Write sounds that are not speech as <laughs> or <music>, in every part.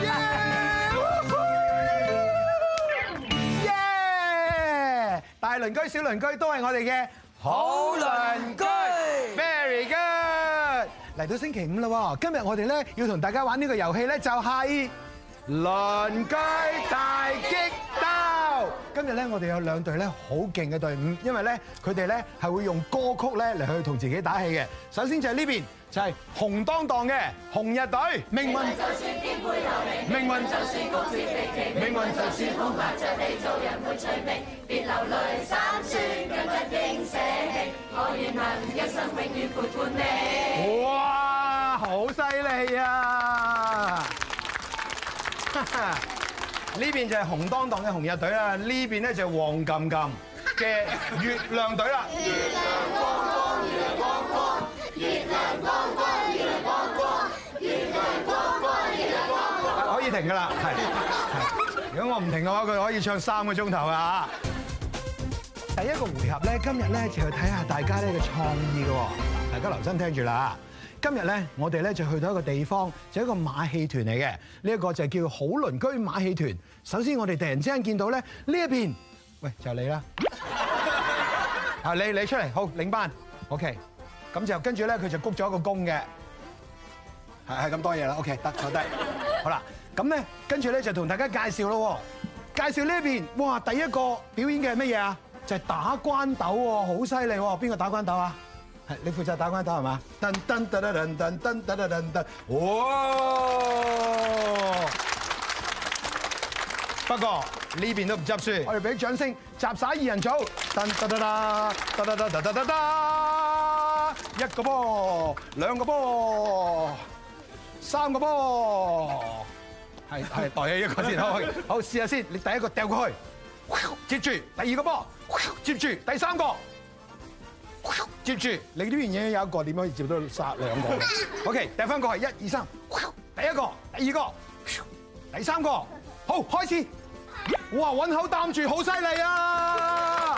耶！耶！大鄰居、小鄰居都係我哋嘅好鄰居，very good。嚟到星期五啦，今日我哋咧要同大家玩呢個遊戲咧，就係鄰居大激鬥。今日咧，我哋有兩隊咧好勁嘅隊伍，因為咧佢哋咧係會用歌曲咧嚟去同自己打氣嘅。首先就係呢邊就係紅當當嘅紅日隊。命運就算顛沛流離，命運就算曲折離奇，命運就算恐嚇著你，著你做人沒趣味，別流淚心酸，更不應捨棄，我願能一生永遠陪伴你。哇！好犀利啊！ <laughs> 呢邊就係紅當當嘅紅日隊啦，呢邊咧就黃禁禁嘅月亮隊啦。月亮光光，月亮光光，月亮光光，月亮光光。可以停噶啦，係。如果我唔停嘅話，佢可以唱三個鐘頭呀。第一個回合咧，今日咧就去睇下大家呢個創意嘅喎，大家留心聽住啦。今日咧，我哋咧就去到一個地方，就一個馬戲團嚟嘅。呢一個就叫好鄰居馬戲團。首先，我哋突然之間見到咧，呢一邊，喂，就係你啦。啊，你你出嚟，好，領班，OK。咁就跟住咧，佢就鞠咗一個躬嘅，係係咁多嘢啦。OK，得坐低。好啦，咁咧，跟住咧就同大家介紹咯。介紹呢一邊，哇，第一個表演嘅係乜嘢啊？就係打關鬥喎，好犀利喎。邊個打關鬥啊？你負責打關頭係咪？噔噔噔噔噔噔噔噔噔，哇！不過呢邊都唔執輸，我哋俾掌聲集晒二人組。噔噔噔噔噔噔噔噔噔，一個波，兩個波，三個波，係係袋咗一個先咯。好，試下先，你第一個掉過去接，接住第二個波，接住第三個。接住，你呢邊嘢有一個，點可以接到殺兩個？OK，第翻個係一、二、三，第一個、第二個、第三個，好，開始。哇，揾口擔住，好犀利啊！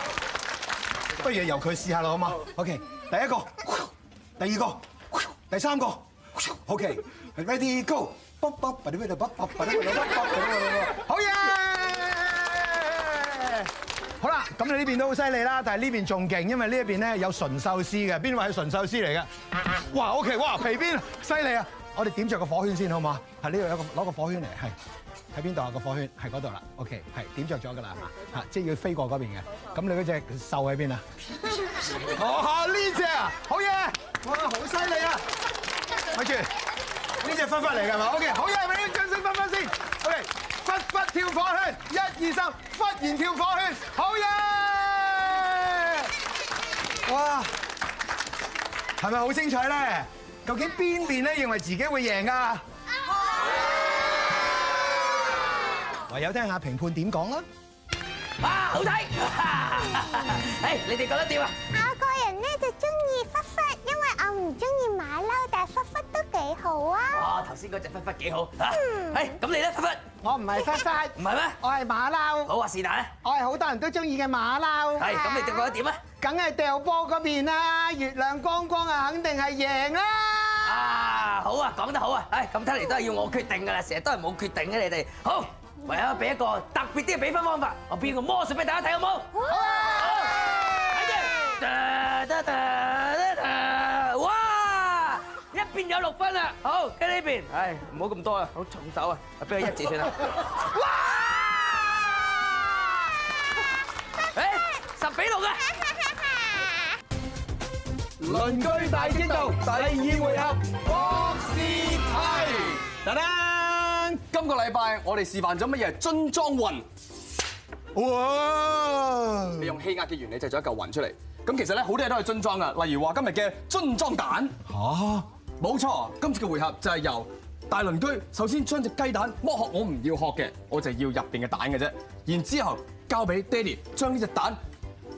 不如由佢試下啦，好嗎？OK，第一個，第二個，第三個，OK，Ready、okay, Go， <laughs> 好嘢！咁你呢邊都好犀利啦，但係呢邊仲勁，因為呢一邊咧有純壽司嘅，邊位係純壽司嚟嘅？啊、哇，OK，哇，皮鞭，犀利啊！我哋點着個火圈先好唔好？喺呢度有個攞個火圈嚟，係喺邊度啊？個火圈係嗰度啦。OK，係點着咗㗎啦，嚇！即係要飛過嗰邊嘅。咁你嗰隻獸喺邊啊？哦呢隻啊，隻好嘢！哇，等等菲菲好犀利啊！咪住，呢隻分翻嚟㗎嘛？OK，好嘢，咪用掌聲分翻先。忽忽跳火圈，一二三，忽然跳火圈，好嘢！哇，係咪好精彩咧？究竟邊邊咧認為自己會贏噶？唯有聽下評判點講啦。啊，好睇！哎，你哋覺得點啊？我個人咧就中意忽忽。唔中意馬騮，但係狒狒都幾好啊！啊，頭先嗰隻狒狒幾好吓。係咁你咧，狒狒，我唔係狒狒，唔係咩？我係馬騮。好啊，是但啦，我係好多人都中意嘅馬騮。係咁，你哋覺得點咧？梗係掉波嗰邊啦，月亮光光啊，肯定係贏啦！啊，好啊，講得好啊，哎，咁睇嚟都係要我決定噶啦，成日都係冇決定嘅你哋。好，唯有俾一個特別啲嘅比分方法，我變個魔術俾大家睇好冇？好啊！睇住。有六分啦，好，跟呢邊，唉唔好咁多啊，好重手啊，啊俾佢一字先啦。哇！誒十比六啊！鄰居大激鬥第二回合，博士睇。噠噠，今個禮拜我哋示範咗乜嘢？樽裝雲。哇！你用氣壓嘅原理製咗一嚿雲出嚟。咁其實咧，好多嘢都係樽裝㗎，例如話今日嘅樽裝蛋。嚇！冇錯，今次嘅回合就係由大鄰居首先將隻雞蛋剝殼，我唔要殼嘅，我就要入邊嘅蛋嘅啫。然之後交俾爹哋將呢隻蛋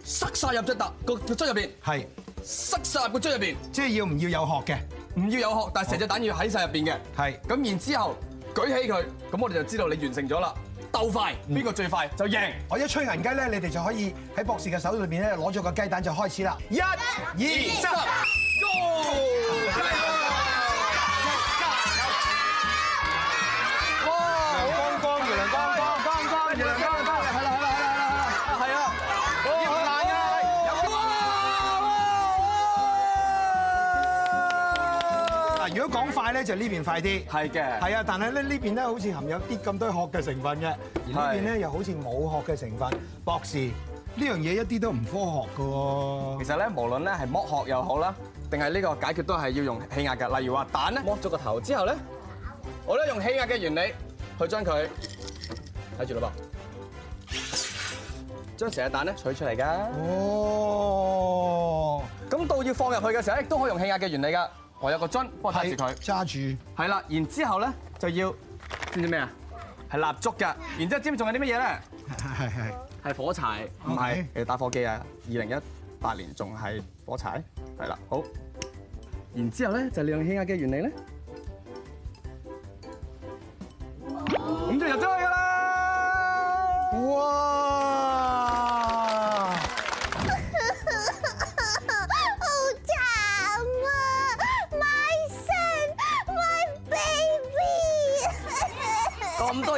塞晒入隻笪個個樽入邊，係是是 塞晒入個樽入邊。即係要唔要有殼嘅？唔要有殼，但係成隻蛋要喺晒入邊嘅。係咁，然之後舉起佢，咁我哋就知道你完成咗啦。鬥快，邊個最快就贏。嗯、我一吹銀雞咧，你哋就可以喺博士嘅手裏面咧攞咗個雞蛋就開始啦。一、二、三，go！咧就呢邊快啲，係嘅，係啊，但係咧呢邊咧好似含有啲咁多殼嘅成分嘅，呢邊咧又好似冇殼嘅成分。博士呢樣嘢一啲都唔科學㗎喎。其實咧，無論咧係剝殼又好啦，定係呢個解決都係要用氣壓嘅。例如話蛋咧剝咗個頭之後咧，我咧用氣壓嘅原理去將佢睇住啦噃，將成隻蛋咧取出嚟㗎。哦，咁到要放入去嘅時候，亦都可以用氣壓嘅原理㗎。我有個樽，幫我揸住佢，揸住。係啦，然之後咧就要知唔知咩啊？係蠟燭㗎，Yeah. 然之後知唔知仲有啲乜嘢咧？係係係，係火柴，唔係是，係 Okay. 打火機啊！二零一八年仲係火柴，係啦，好。然之後咧就利用氣壓嘅原理咧，咁 <laughs> 就入咗去㗎喇！哇！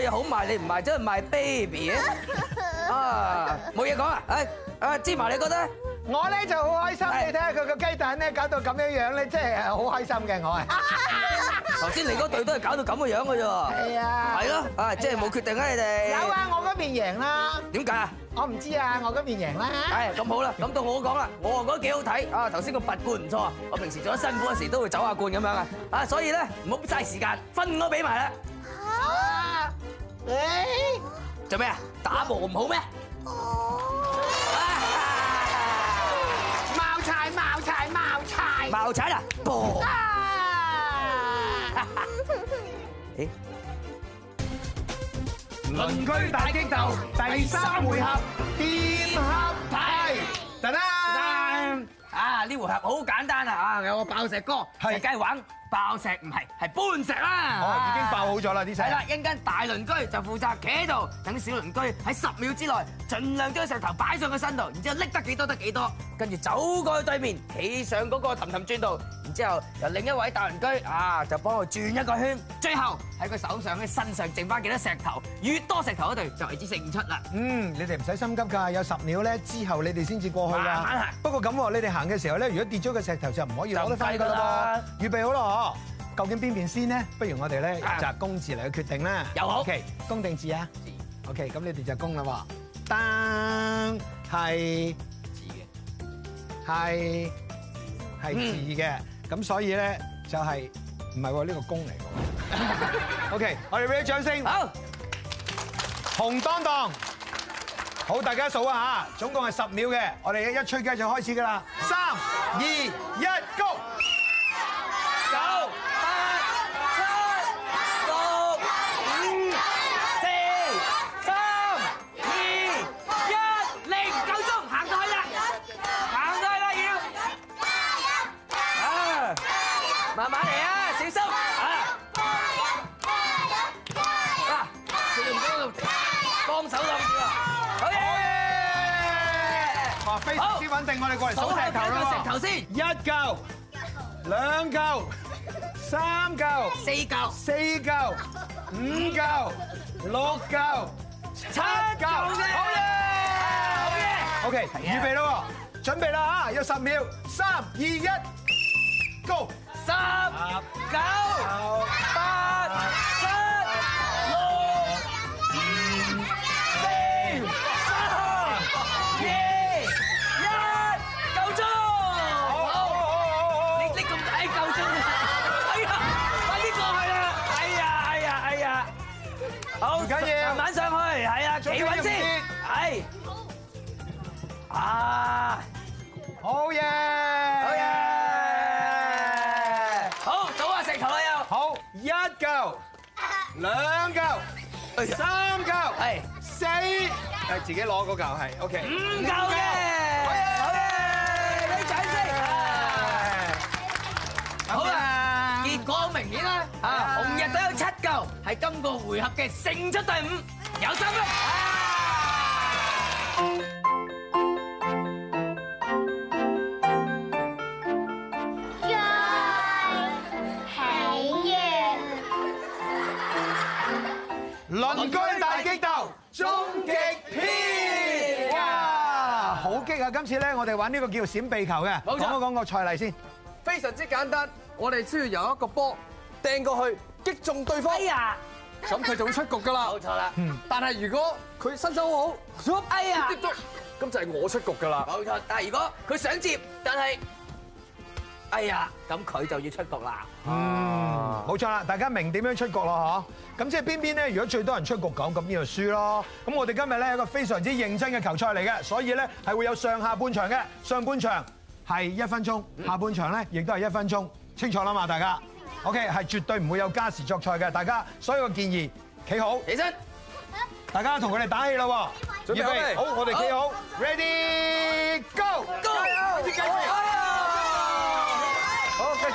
好賣你唔賣，真係賣 baby 啊！冇嘢講啊！啊啊，芝麻你覺得？我咧就好開心，你睇下佢個雞蛋咧搞到咁樣樣咧，即係好開心嘅我啊！頭先你嗰隊都係搞到咁嘅樣嘅啫，係啊，係咯，啊即係冇決定啊你哋。有啊，我嗰邊贏啦。點解啊？我唔知啊，我嗰邊贏啦。係咁好啦，咁到我講啦，我話覺得幾好睇啊！頭先個拔罐唔錯，我平時做咗辛苦嗰時都會走下罐咁樣啊！啊，所以咧唔好嘥時間，分都俾埋啦。做咩啊？打賭唔好咩？茅柴、茅柴、茅柴、茅柴啦！賭啊！哈哈！咦？鄰居大激鬥第三回合，電黑牌得啦！啊！呢回合好簡單啊！啊，有個爆石哥，係雞玩。爆石唔係，係搬石啦！哦，已經爆好咗啦啲石。係啦，一陣間大鄰居就負責企喺度，等小鄰居喺十秒之內盡量將石頭擺上個身度，然之後拎得幾多得幾多，跟住走過去對面，企上嗰個氹氹轉度，然之後由另一位大鄰居啊就幫我轉一個圈，最後喺佢手上、喺身上剩翻幾多石頭，越多石頭嗰隊就為之勝出啦。嗯，你哋唔使心急㗎，有十秒咧之後你哋先至過去啦。不過咁喎，你哋行嘅時候咧，如果跌咗個石頭就唔可以攞得翻㗎啦。預備好啦，嗬！哦，究竟邊邊先咧？不如我哋咧就係公字嚟去決定啦。又好。O K，公定字啊？字。O K，咁你哋就公啦。當係字嘅，係係字嘅。咁所以咧就係唔係呢個公嚟。O K，我哋俾啲掌聲。好。紅當當。好，大家數下，總共係十秒嘅。我哋一吹雞就開始噶啦。三、二、一，Go！放手咁住啊！好嘢！哇，非常之穩定，我哋過嚟數石頭啦嘛。石頭先，一嚿，兩嚿，三嚿，四嚿，四嚿，五嚿，六嚿，七嚿。好嘢！好嘢！OK，準備啦喎，準備啦吓！有十秒，三、二、一，Go！三、九、八。一嚿、兩嚿、三嚿，係四，係自己攞嗰嚿，係 OK。五嚿嘅，好嘅，你整先。好啦，結果明顯啦，紅日都有七嚿，係今個回合嘅勝出隊伍，有心啦。鄰居大激鬥終極篇啊！好激啊！今次咧，我哋玩呢個叫閃避球嘅，我講個賽例先。非常之簡單，我哋需要由一個波掟過去，擊中對方。哎呀！咁佢就會出局㗎啦。冇錯啦。嗯。但係如果佢身手好好，接觸，咁就係我出局㗎啦。冇錯。但係如果佢想接，但係。哎呀，咁佢就要出局啦。嗯，冇錯啦，大家明點樣出局咯嗬？咁即係邊邊咧？如果最多人出局講咁呢度輸咯？咁我哋今日咧一個非常之認真嘅球賽嚟嘅，所以咧係會有上下半場嘅，上半場係一分鐘，下半場咧亦都係一分鐘，清楚啦嘛？大家，OK，係絕對唔會有加時作賽嘅，大家所有嘅建議企好，起身，大家同佢哋打氣咯。預位備，好，嗎好，我哋企好，Ready Go Go。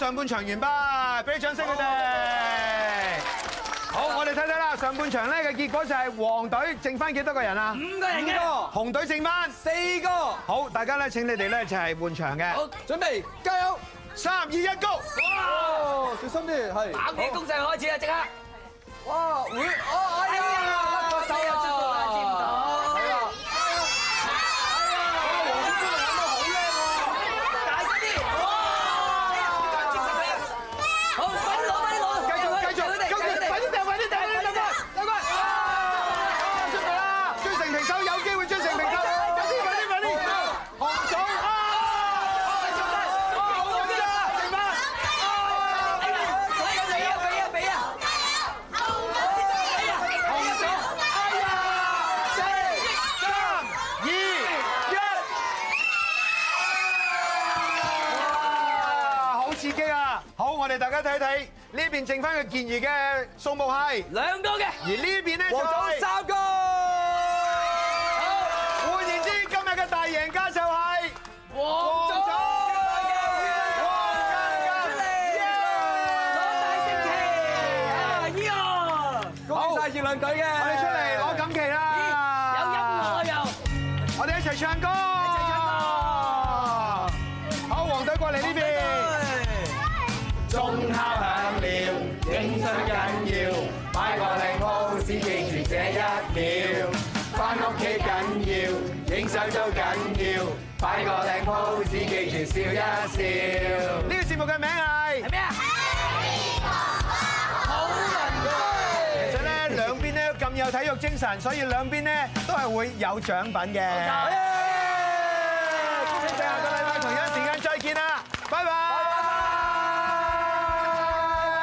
上半場完畢，俾啲掌聲佢哋。好，我哋睇睇啦，上半場咧嘅結果就係黃隊剩翻幾多個人啊？五個人嘅個，紅隊剩翻四個。好，大家咧請你哋咧一齊換場嘅。好，準備，加油！三、二、一，高！哇，小心啲，係。猛起！攻勢開始啦，即刻的！哇，會。畀大家睇睇呢邊剩翻嘅建議嘅數目係兩個嘅，而呢邊咧就三個。好，換言之，今日嘅大贏家就係黃總。黃總出嚟，好大升旗，耶！好，熱浪隊嘅，我哋出嚟攞錦旗啦！有音樂又，我哋一齊唱歌。快過頂 pose，記住笑一笑。呢個節目嘅名係？係咩啊？邊個好鄰居？其實咧，兩邊咧咁有體育精神，所以兩邊咧都係會有獎品嘅。好搞呀！好精彩，各位朋友，下個禮拜同一時間再見啦，拜拜。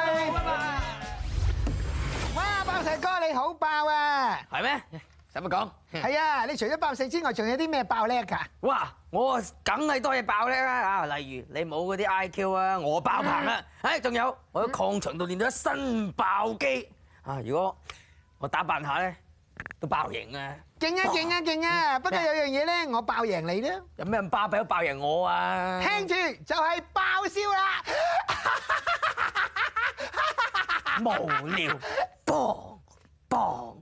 拜拜。哇，爆石哥你好爆啊！係咩？咁咪講？係啊！你除咗爆射之外，仲有啲咩爆叻㗎？哇！我梗係多嘢爆叻啦啊！例如你冇嗰啲 IQ 啊，我爆棚啊！誒，仲有我喺礦場度練到一身爆肌啊！如果我打扮下咧，都爆型啊！勁啊勁啊勁啊！不過有樣嘢咧，我爆贏你咧！有咩人爆俾我爆贏我啊？聽住就係爆笑啦！無聊博博。